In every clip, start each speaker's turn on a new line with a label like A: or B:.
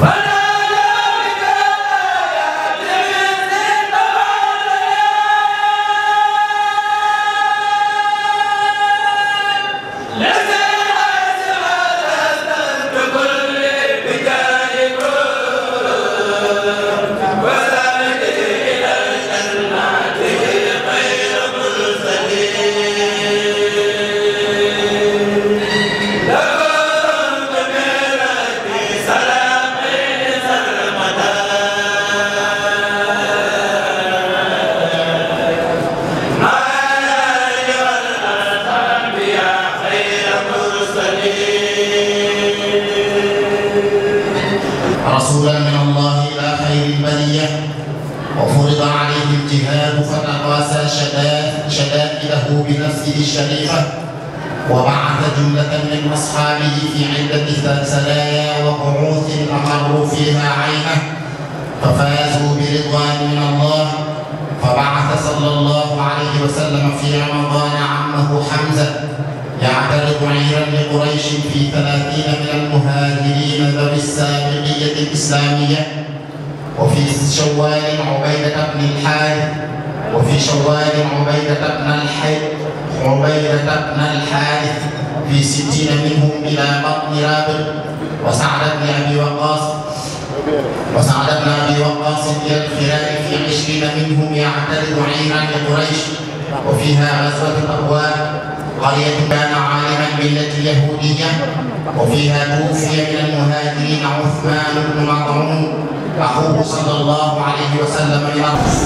A: Bye. الإسلامية وفرض عليه الجهاد فتقاسى شدائده بنفسه الشريفة وبعث جملة من أصحابه في عدة سلايا وبعوث أقروا فيها عينه ففازوا برضوان من الله فبعث صلى الله عليه وسلم في رمضان عمه حمزة يعترض عيرا لقريش في ثلاثين من المهاجرين ذوي السابقية الإسلامية وفي شوال عبيدة بن الحارث وفي شوال عبيدة بن الحي عبيدة بن الحارث في ستين منهم إلى بطن رابغ وسعد بن أبي وقاص وسعد بن أبي وقاص إلى الخلال في عشرين منهم يعترض عيرا لقريش وفيها غزوة الأبواب قرية كان عالما بالملة اليهودية وفيها توفي من المهاجرين عثمان بن مطعون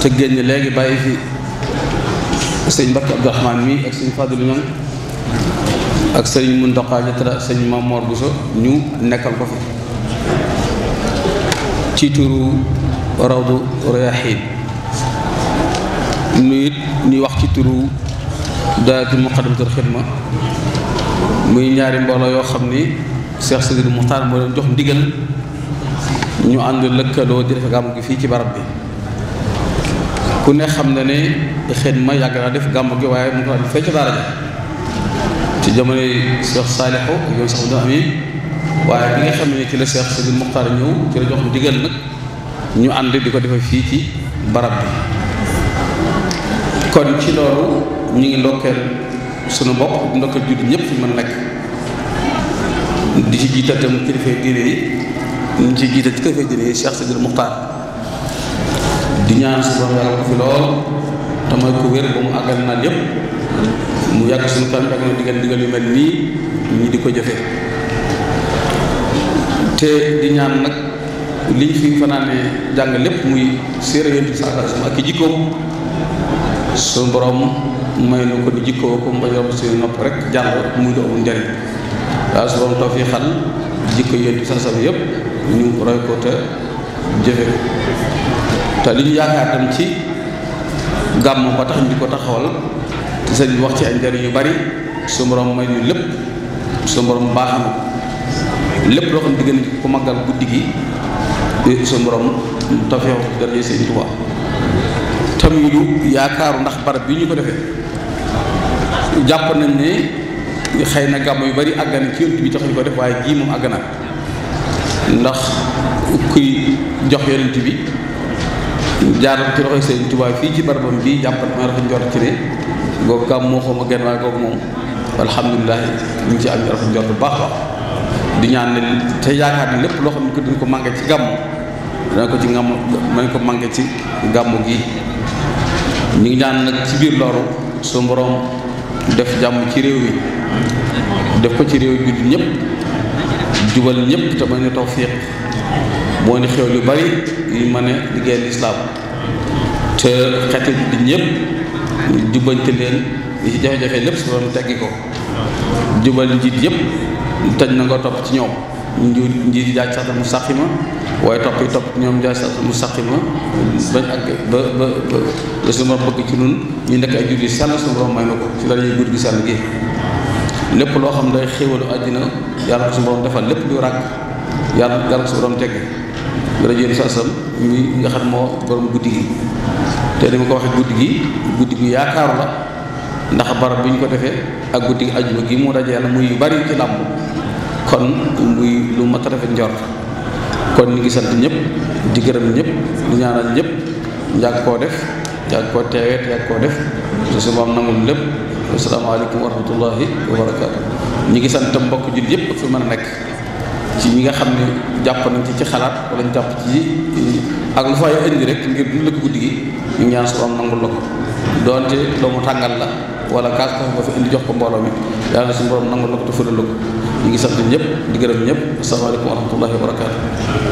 B: te génn léegi bàyyi fi sëñ Mbacke Abdou Rahman mi ak sëñ Fadilou Niang ak sëñ Mountakha Diatra sëñ Mame Mor Bousso ñu nekkal ko fi ci turu Rawdu Rayaahiin nu it ñuy wax ci turu daayatu Muqaddamatul Xidma muy ñaari mbooloo yoo xam ni Cheikh Sidil Muxtaar moo leen jox ndigal ñu ànd lëkkaloo di def gàmmu gi fii ci barab bi ku ne xam na ne xet ma yàgg naa def gàmmu gi waaye mu ko daan fecc daara ja ci jamono yi Cheikh Saalixu ak sax am yi waaye bi nga xam ne ci la Cheikh Sidi ñëw ci la jox ñu ànd di ko defee fii ci barab kon ci loolu ngi ndokkeel sunu bopp ndokkeel judd fi mën nekk di ci jiital tam kilifa diine yi ñu ngi ciy jiital ci kër diine yi Cheikh Sidil Muxtaar di ñaan si borom yàlla ko fi lool te mooy ko wér ba mu àggal naan yépp mu yàgg suñu di ko jëfe te di ñaan nag liñ fi fanaane lépp muy séeré yontu saaka i jikkoom suñu borom may na ko di jikkoo ko mba yom si nopp rek jàng muy lu njariñ waaw su borom tawfiixal jikko yéen sa sal yëpp ñu roy ko te jëfe ko te li ñu yaakaar tam ci gàmm ba tax ñu ko taxawal te sëñ bi wax ci ay njëriñ yu bari su borom may ñu lépp su borom baax na lépp loo xam digg nañ ko màggal guddi gi eh, su borom tafeew daraje sëñ Tuubaa tam ñu yaakaaru ndax barab bi ñu ko defe jàpp nañ ne xëy na gàmm yu bari àgg na ci yonent bi taxuñ ko def waaye jii moom àgg ndax kuy jox yonent bi jaaral ci loxoy Sëriñ Tuubaa fii ci barabam bii jàppal ma rafet njort ci ne googu gàmm moo moom alhamdulilah ñu ngi ci am rafet bu baax baax di ñaan ne te yaakaar ne lépp loo xam ne ko dañ ko mànge ci gàmm dana ko ci ngam mën ko mànge ci gàmm gi ñu ngi ñaan nag ci biir loolu su mboroom def jàmm ci réew yi def ko ci réew judd ñëpp jubal ñëpp te bañ a tawfiq moo ni xew lu bari yi ma ne liggéey lislaam te xeetu judd ñëpp jubbante leen li ci jafe lépp su teggi ko jubal njiit yëpp tañ na nga topp ci ñoom nji nji jaaj sax mu sàqi ma waaye topp yi topp ñoom jaaj sax mu sàqi ma bañ ak ba ba ba la suñu borom bëgg ci nun ñu nekk ay jur yi sell suñu borom may na ko ci dara yi jur gi sell gi lépp loo xam day xéwalu àddina yàlla ko suñu borom lépp lu ràkk yàlla yàlla ko suñu borom tegg dara jëri sasam mi nga xam moo borom guddi gi te ni ma ko waxee guddi gi guddi gi yaakaaru la ndax barab bi ñu ko defee ak guddi gi ajuma gi mu dajeel muy yu bari ci làmp kon muy lu mat a rafet kon ñu ngi sant ñëpp di gërëm ñëpp di ñaanal ñëpp yàgg koo def yàgg koo teeweet yàgg koo def te su moom nangul lépp asalaamaaleykum ñu ngi sant mbokk jullit yëpp fi a nekk ci ñi nga xam ne jàpp nañ ci ci xalaat wala ñu jàpp ci ak lu fay indi rek ngir dund ko guddi gi ñu ñaan su moom nangul la ko doonte mu tàngal la wala kaas ko fa indi jox ko mbooloo mi yàlla na suñu borom nangul la ko te fëral la ko ñu ngi sant ñëpp di gërëm ñëpp asalaamaaleykum wa rahmatullahi wa barakaatu.